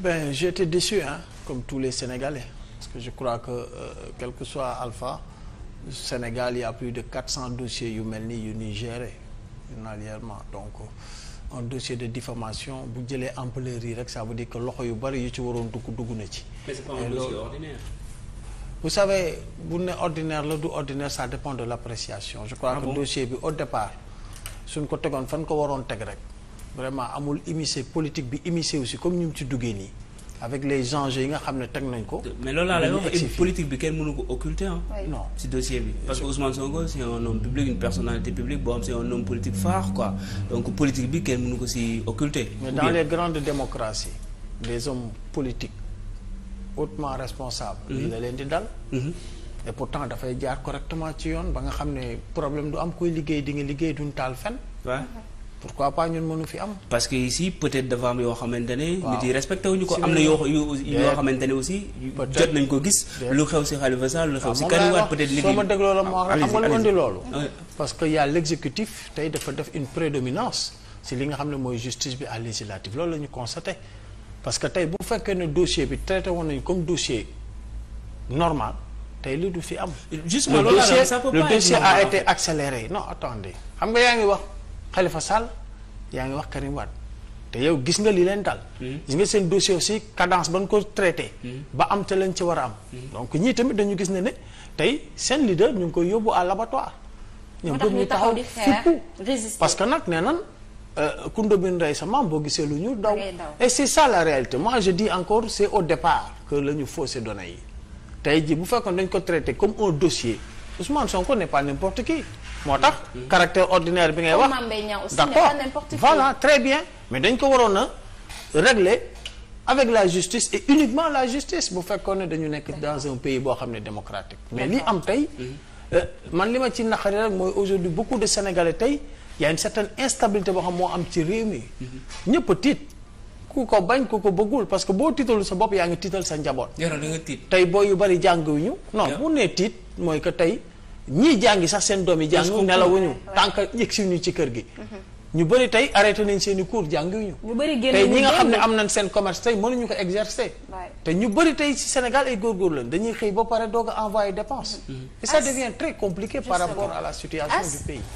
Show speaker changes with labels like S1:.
S1: Ben, j'ai été déçu, hein, comme tous les Sénégalais. Parce que je crois que, euh, quel que soit Alpha, au Sénégal, il y a plus de 400 dossiers Youmelni, Yuni gérés, journalièrement. Donc, euh, un dossier de diffamation, vous dites ampleur, ça veut dire que l'ocho yu yutu waron dugu dugu nechi. Mais c'est pas un dossier ordinaire. Vous savez, vous n'êtes ordinaire, le ordinaire, ça dépend de l'appréciation. Je crois ah que su bon? ko tegoon fa nu ko waroon teg rek vraiment amul immiscé politique bi immiscé si comme ñu ngi ci duggee nii avec les enjeux yi nga xam ne teg nañ ko. mais loolu laa lay wax bi kenn mënu ko occulter ah. non
S2: ci dossier bi. que Ousmane Sonko c'est un homme public une personnalité publique boo xam c'est un homme politique bi kenn mënu ko si occulter. mais dans les
S1: grandes démocraties les hommes politiques hautement responsable mm-hmm. lii la leen di dal. Mm-hmm. et pourtant dafay jaar correctement ci yoon ba nga xam ne problème du am kuy liggéey di nga liggéey duñ taal fen. pourquoi pas ñun mënu fi am.
S2: parce que ici peut-être dafa am yoo xamante ne. nit yi respecté wuñu ko am na yoo yoo ne aussi. jot nañ ko gis. lu xew si Khalifa Sall lu xew si ah, Karim Wade peut-être. nit yi soo ma dégloo ah, loolu.
S1: parce que si li nga xam ne mooy justice bi à législative loolu la ñu constaté parce que tey bu fekkee ne dossier bi traité woon nañu comme dossier normal tey li du fi am. justement loolu la ça peut pas être normal a été accéléré non attendez xam nga yaa ngi wax. Khalifa Sall yaa ngi wax Karim te yow gis nga li leen dal. Hmm. gis nga seen dossier aussi cadence ba ñu ko traité. Hmm. ba am te leen ci war a am. Hmm. donc ñii tamit dañu gis ne ne tey seen leader ñu ngi koy yóbbu à l'abattoir. ñoom pour ñu taxaw di parce que nag nee nan euh, Kounda bin rey sa maam boo gisee lu ñu daw. et c'est ça la réalité moi je dis encore c'est au départ que la ñu faussé yi. tey jii bu fekkoon dañ ko traité comme un dossier. Ousmane Sonko n'est pas n'importe qui moo tax caractère ordinaire bi ngay
S2: wax d'accord voilà
S1: très bien mais dañ ko waroon a régler avec la justice et uniquement la justice bu fekkoon ne dañu nekk dans un pays boo xam ne démocratique mais li am tey euh, man li ma ci naqari rek mooy aujourd'hui beaucoup de Sénégalais tey y a une certaine instabilité boo xam moo am ci réew mi mhm. ñëpp tiit ku ko bañ ku ko bëggul parce que boo tiitalu sa bopp yaa ngi tiital sa njaboot. tey booy yu bari jànguwuñu. non mu nee tiit mooy que tey ñii jàngi sax seen doom yi. jàngu nelawuñu tant mm-hmm. tey i cours jànguwuñu.
S2: ñi nga xam ne am
S1: nañ seen commerce tey mënuñu ko exercer. te ñu bëri tey ci Sénégal ay góorgóor lañ dañuy xëy ba pare doog a envoyé dépense. Mm-hmm. et ça devient très compliqué par rapport à la situation du pays.